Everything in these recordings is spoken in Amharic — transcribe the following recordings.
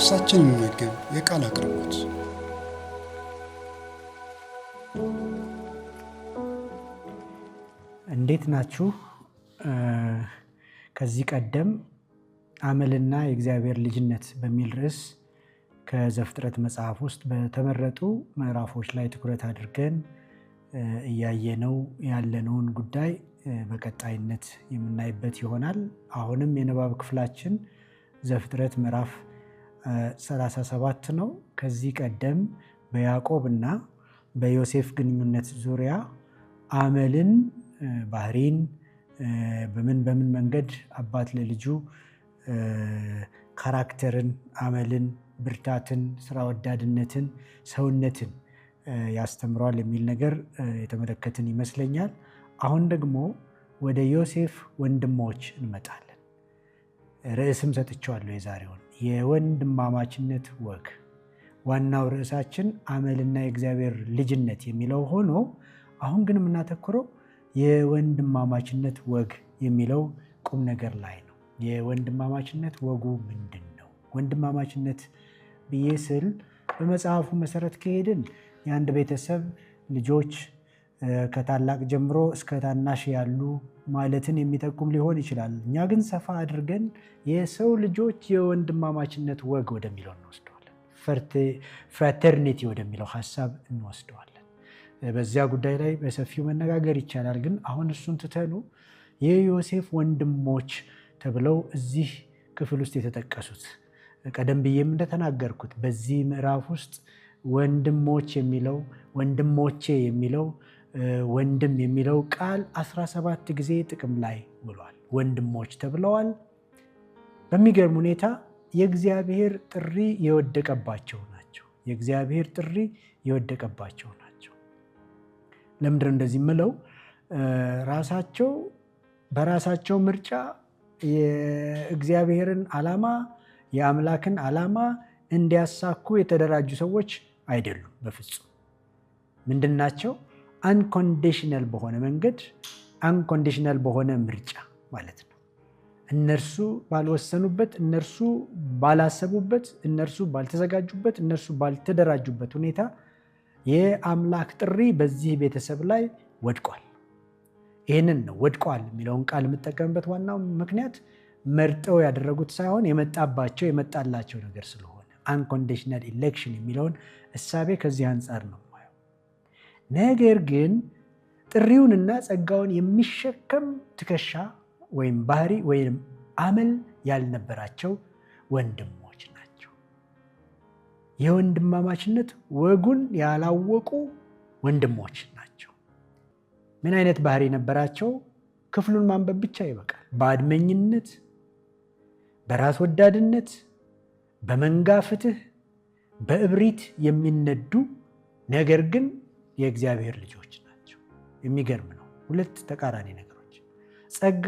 ነፍሳችን የሚመግብ የቃል አቅርቦት እንዴት ናችሁ? ከዚህ ቀደም አመልና የእግዚአብሔር ልጅነት በሚል ርዕስ ከዘፍጥረት መጽሐፍ ውስጥ በተመረጡ ምዕራፎች ላይ ትኩረት አድርገን እያየነው ያለነውን ጉዳይ በቀጣይነት የምናይበት ይሆናል። አሁንም የንባብ ክፍላችን ዘፍጥረት ምዕራፍ 37 ነው። ከዚህ ቀደም በያዕቆብ እና በዮሴፍ ግንኙነት ዙሪያ አመልን፣ ባህሪን በምን በምን መንገድ አባት ለልጁ ካራክተርን፣ አመልን፣ ብርታትን፣ ስራ ወዳድነትን፣ ሰውነትን ያስተምረዋል የሚል ነገር የተመለከትን ይመስለኛል። አሁን ደግሞ ወደ ዮሴፍ ወንድሞች እንመጣለን። ርዕስም ሰጥቼዋለሁ የዛሬውን የወንድማማችነት ወግ ዋናው ርዕሳችን አመልና የእግዚአብሔር ልጅነት የሚለው ሆኖ አሁን ግን የምናተኩረው የወንድማማችነት ወግ የሚለው ቁም ነገር ላይ ነው። የወንድማማችነት ወጉ ምንድን ነው? ወንድማማችነት ብዬ ስል በመጽሐፉ መሰረት ከሄድን የአንድ ቤተሰብ ልጆች ከታላቅ ጀምሮ እስከ ታናሽ ያሉ ማለትን የሚጠቁም ሊሆን ይችላል። እኛ ግን ሰፋ አድርገን የሰው ልጆች የወንድማማችነት ወግ ወደሚለው እንወስደዋለን። ፍራተርኒቲ ወደሚለው ሀሳብ እንወስደዋለን። በዚያ ጉዳይ ላይ በሰፊው መነጋገር ይቻላል። ግን አሁን እሱን ትተኑ የዮሴፍ ወንድሞች ተብለው እዚህ ክፍል ውስጥ የተጠቀሱት ቀደም ብዬም እንደተናገርኩት በዚህ ምዕራፍ ውስጥ ወንድሞች የሚለው ወንድሞቼ የሚለው ወንድም የሚለው ቃል 17 ጊዜ ጥቅም ላይ ውሏል። ወንድሞች ተብለዋል። በሚገርም ሁኔታ የእግዚአብሔር ጥሪ የወደቀባቸው ናቸው። የእግዚአብሔር ጥሪ የወደቀባቸው ናቸው። ለምንድነው እንደዚህ ምለው? ራሳቸው በራሳቸው ምርጫ የእግዚአብሔርን ዓላማ የአምላክን ዓላማ እንዲያሳኩ የተደራጁ ሰዎች አይደሉም። በፍጹም ምንድን ናቸው? አንኮንዲሽናል በሆነ መንገድ አንኮንዲሽናል በሆነ ምርጫ ማለት ነው። እነርሱ ባልወሰኑበት፣ እነርሱ ባላሰቡበት፣ እነርሱ ባልተዘጋጁበት፣ እነርሱ ባልተደራጁበት ሁኔታ የአምላክ ጥሪ በዚህ ቤተሰብ ላይ ወድቋል። ይህንን ነው ወድቋል የሚለውን ቃል የምጠቀምበት ዋናው ምክንያት መርጠው ያደረጉት ሳይሆን የመጣባቸው የመጣላቸው ነገር ስለሆነ አንኮንዲሽናል ኢሌክሽን የሚለውን እሳቤ ከዚህ አንጻር ነው ነገር ግን ጥሪውንና ጸጋውን የሚሸከም ትከሻ ወይም ባህሪ ወይም አመል ያልነበራቸው ወንድሞች ናቸው። የወንድማማችነት ወጉን ያላወቁ ወንድሞች ናቸው። ምን አይነት ባህሪ ነበራቸው? ክፍሉን ማንበብ ብቻ ይበቃል። በአድመኝነት፣ በራስ ወዳድነት፣ በመንጋ ፍትህ፣ በእብሪት የሚነዱ ነገር ግን የእግዚአብሔር ልጆች ናቸው። የሚገርም ነው። ሁለት ተቃራኒ ነገሮች። ጸጋ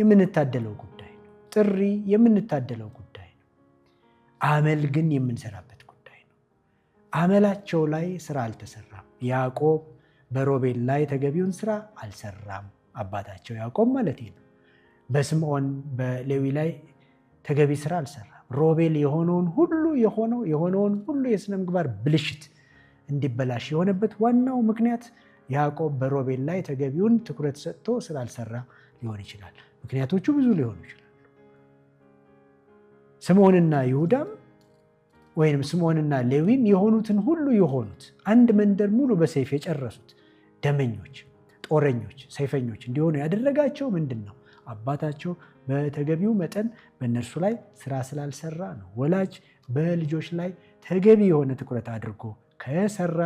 የምንታደለው ጉዳይ ነው። ጥሪ የምንታደለው ጉዳይ ነው። አመል ግን የምንሰራበት ጉዳይ ነው። አመላቸው ላይ ስራ አልተሰራም። ያዕቆብ በሮቤል ላይ ተገቢውን ስራ አልሰራም። አባታቸው ያዕቆብ ማለት ነው። በስምዖን በሌዊ ላይ ተገቢ ስራ አልሰራም። ሮቤል የሆነውን ሁሉ የሆነው የሆነውን ሁሉ የስነ ምግባር ብልሽት እንዲበላሽ የሆነበት ዋናው ምክንያት ያዕቆብ በሮቤል ላይ ተገቢውን ትኩረት ሰጥቶ ስላልሰራ ሊሆን ይችላል። ምክንያቶቹ ብዙ ሊሆኑ ይችላሉ። ስምዖንና ይሁዳም ወይም ስምዖንና ሌዊም የሆኑትን ሁሉ የሆኑት አንድ መንደር ሙሉ በሰይፍ የጨረሱት ደመኞች፣ ጦረኞች፣ ሰይፈኞች እንዲሆኑ ያደረጋቸው ምንድን ነው? አባታቸው በተገቢው መጠን በእነርሱ ላይ ስራ ስላልሰራ ነው። ወላጅ በልጆች ላይ ተገቢ የሆነ ትኩረት አድርጎ ከሰራ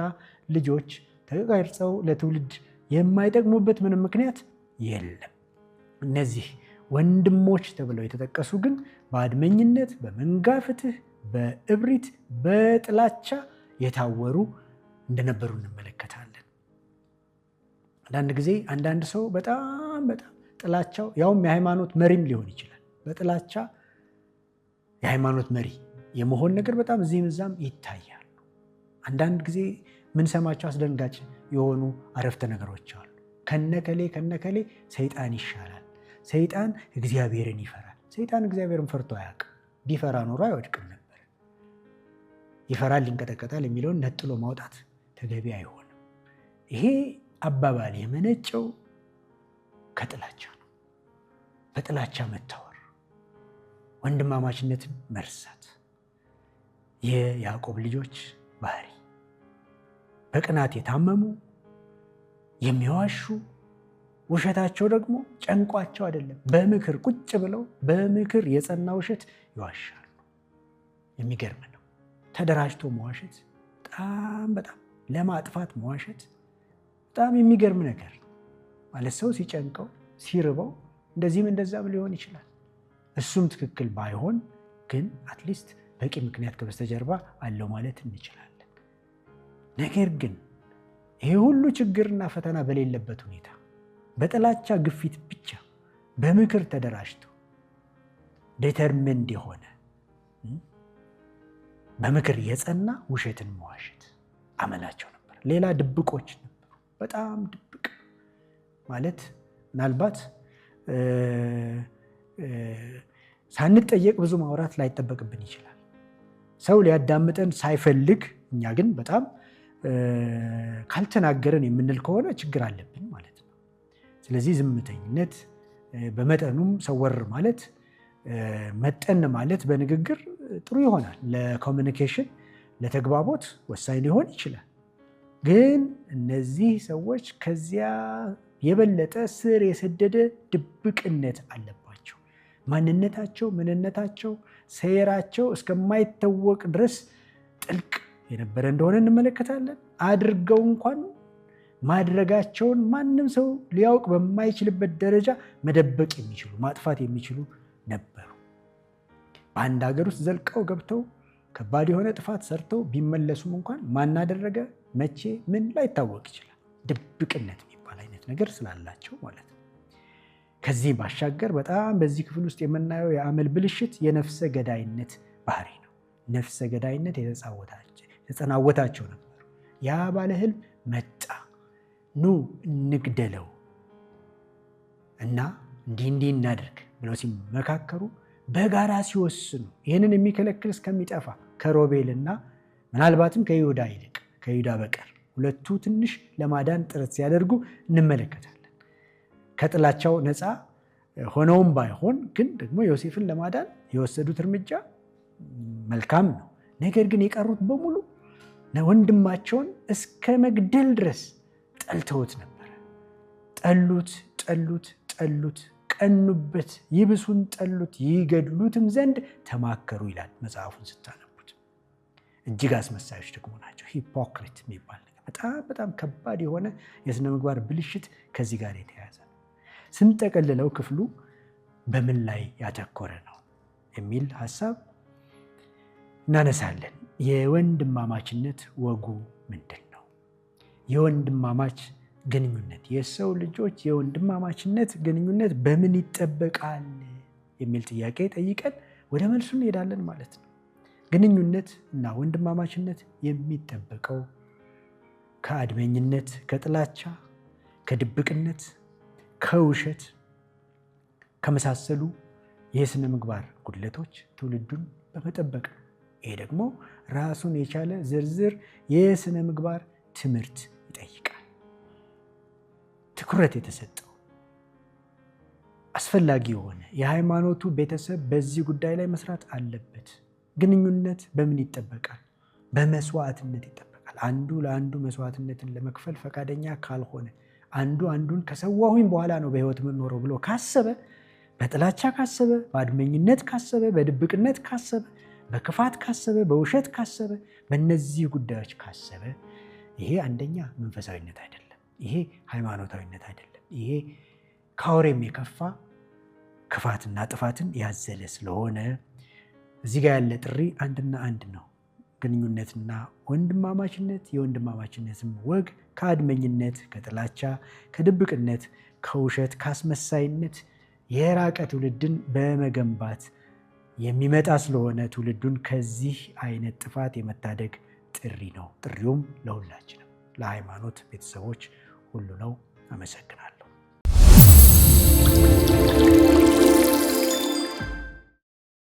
ልጆች ተቀርጸው ለትውልድ የማይጠቅሙበት ምንም ምክንያት የለም። እነዚህ ወንድሞች ተብለው የተጠቀሱ ግን በአድመኝነት፣ በመንጋ ፍትህ፣ በእብሪት፣ በጥላቻ የታወሩ እንደነበሩ እንመለከታለን። አንዳንድ ጊዜ አንዳንድ ሰው በጣም በጣም ጥላቻው ያውም የሃይማኖት መሪም ሊሆን ይችላል። በጥላቻ የሃይማኖት መሪ የመሆን ነገር በጣም እዚህም እዛም ይታያል። አንዳንድ ጊዜ ምንሰማቸው አስደንጋጭ የሆኑ አረፍተ ነገሮች አሉ። ከነከሌ ከነከሌ ሰይጣን ይሻላል፣ ሰይጣን እግዚአብሔርን ይፈራል። ሰይጣን እግዚአብሔርን ፈርቶ አያውቅም። ቢፈራ ኖሮ አይወድቅም ነበር። ይፈራል፣ ይንቀጠቀጣል የሚለውን ነጥሎ ማውጣት ተገቢ አይሆንም። ይሄ አባባል የመነጨው ከጥላቻ ነው። በጥላቻ መታወር፣ ወንድማማችነትን መርሳት የያዕቆብ ልጆች ባህሪ በቅናት የታመሙ የሚዋሹ ውሸታቸው ደግሞ ጨንቋቸው አይደለም፣ በምክር ቁጭ ብለው በምክር የጸና ውሸት ይዋሻሉ። የሚገርም ነው። ተደራጅቶ መዋሸት በጣም በጣም ለማጥፋት መዋሸት በጣም የሚገርም ነገር ነው። ማለት ሰው ሲጨንቀው ሲርበው እንደዚህም እንደዛም ሊሆን ይችላል። እሱም ትክክል ባይሆን ግን አትሊስት በቂ ምክንያት ከበስተጀርባ አለው ማለት እንችላለን። ነገር ግን ይሄ ሁሉ ችግርና ፈተና በሌለበት ሁኔታ በጥላቻ ግፊት ብቻ በምክር ተደራጅቶ ዴተርሚንድ የሆነ በምክር የጸና ውሸትን መዋሸት አመላቸው ነበር። ሌላ ድብቆች ነበሩ። በጣም ድብቅ ማለት ምናልባት ሳንጠየቅ ብዙ ማውራት ላይጠበቅብን ይችላል። ሰው ሊያዳምጠን ሳይፈልግ እኛ ግን በጣም ካልተናገረን የምንል ከሆነ ችግር አለብን ማለት ነው። ስለዚህ ዝምተኝነት በመጠኑም ሰወር ማለት መጠን ማለት በንግግር ጥሩ ይሆናል። ለኮሚኒኬሽን ለተግባቦት ወሳኝ ሊሆን ይችላል። ግን እነዚህ ሰዎች ከዚያ የበለጠ ስር የሰደደ ድብቅነት አለባቸው። ማንነታቸው፣ ምንነታቸው፣ ሰየራቸው እስከማይታወቅ ድረስ ጥልቅ የነበረ እንደሆነ እንመለከታለን። አድርገው እንኳን ማድረጋቸውን ማንም ሰው ሊያውቅ በማይችልበት ደረጃ መደበቅ የሚችሉ ማጥፋት የሚችሉ ነበሩ። በአንድ ሀገር ውስጥ ዘልቀው ገብተው ከባድ የሆነ ጥፋት ሰርተው ቢመለሱም እንኳን ማናደረገ መቼ ምን ላይታወቅ ይችላል። ድብቅነት የሚባል አይነት ነገር ስላላቸው ማለት ነው። ከዚህ ባሻገር በጣም በዚህ ክፍል ውስጥ የምናየው የአመል ብልሽት የነፍሰ ገዳይነት ባህሪ ነው። ነፍሰ ገዳይነት የተጻወታችን ተጸናወታቸው ነበር። ያ ባለ መጣ፣ ኑ እንግደለው እና እንዲህ እንዲህ እናደርግ ብለው ሲመካከሩ በጋራ ሲወስኑ ይህንን የሚከለክል እስከሚጠፋ ከሮቤልና ምናልባትም ከይሁዳ ይልቅ ከይሁዳ በቀር ሁለቱ ትንሽ ለማዳን ጥረት ሲያደርጉ እንመለከታለን። ከጥላቻው ነፃ ሆነውም ባይሆን ግን ደግሞ ዮሴፍን ለማዳን የወሰዱት እርምጃ መልካም ነው። ነገር ግን የቀሩት በሙሉ ወንድማቸውን እስከ መግደል ድረስ ጠልተውት ነበረ። ጠሉት፣ ጠሉት፣ ጠሉት፣ ቀኑበት፣ ይብሱን ጠሉት፣ ይገድሉትም ዘንድ ተማከሩ ይላል መጽሐፉን ስታነቡት። እጅግ አስመሳዮች ደግሞ ናቸው። ሂፖክሪት የሚባል ነገር በጣም በጣም ከባድ የሆነ የሥነ ምግባር ብልሽት ከዚህ ጋር የተያያዘ ነው። ስንጠቀልለው ክፍሉ በምን ላይ ያተኮረ ነው የሚል ሀሳብ እናነሳለን። የወንድማማችነት ወጉ ምንድን ነው? የወንድማማች ግንኙነት የሰው ልጆች የወንድማማችነት ግንኙነት በምን ይጠበቃል የሚል ጥያቄ ጠይቀን ወደ መልሱ እንሄዳለን ማለት ነው። ግንኙነት እና ወንድማማችነት የሚጠበቀው ከአድመኝነት፣ ከጥላቻ፣ ከድብቅነት፣ ከውሸት ከመሳሰሉ የስነ ምግባር ጉድለቶች ትውልዱን በመጠበቅ ነው። ይሄ ደግሞ ራሱን የቻለ ዝርዝር የስነ ምግባር ትምህርት ይጠይቃል። ትኩረት የተሰጠው አስፈላጊ የሆነ የሃይማኖቱ ቤተሰብ በዚህ ጉዳይ ላይ መስራት አለበት። ግንኙነት በምን ይጠበቃል? በመስዋዕትነት ይጠበቃል። አንዱ ለአንዱ መስዋዕትነትን ለመክፈል ፈቃደኛ ካልሆነ አንዱ አንዱን ከሰዋሁኝ በኋላ ነው በህይወት የምኖረው ብሎ ካሰበ፣ በጥላቻ ካሰበ፣ በአድመኝነት ካሰበ፣ በድብቅነት ካሰበ በክፋት ካሰበ፣ በውሸት ካሰበ፣ በእነዚህ ጉዳዮች ካሰበ ይሄ አንደኛ መንፈሳዊነት አይደለም። ይሄ ሃይማኖታዊነት አይደለም። ይሄ ከአውሬም የከፋ ክፋትና ጥፋትን ያዘለ ስለሆነ እዚህ ጋር ያለ ጥሪ አንድና አንድ ነው። ግንኙነትና ወንድማማችነት፣ የወንድማማችነትም ወግ ከአድመኝነት፣ ከጥላቻ፣ ከድብቅነት፣ ከውሸት፣ ከአስመሳይነት የራቀ ትውልድን በመገንባት የሚመጣ ስለሆነ ትውልዱን ከዚህ አይነት ጥፋት የመታደግ ጥሪ ነው። ጥሪውም ለሁላችንም ለሃይማኖት ቤተሰቦች ሁሉ ነው። አመሰግናለሁ።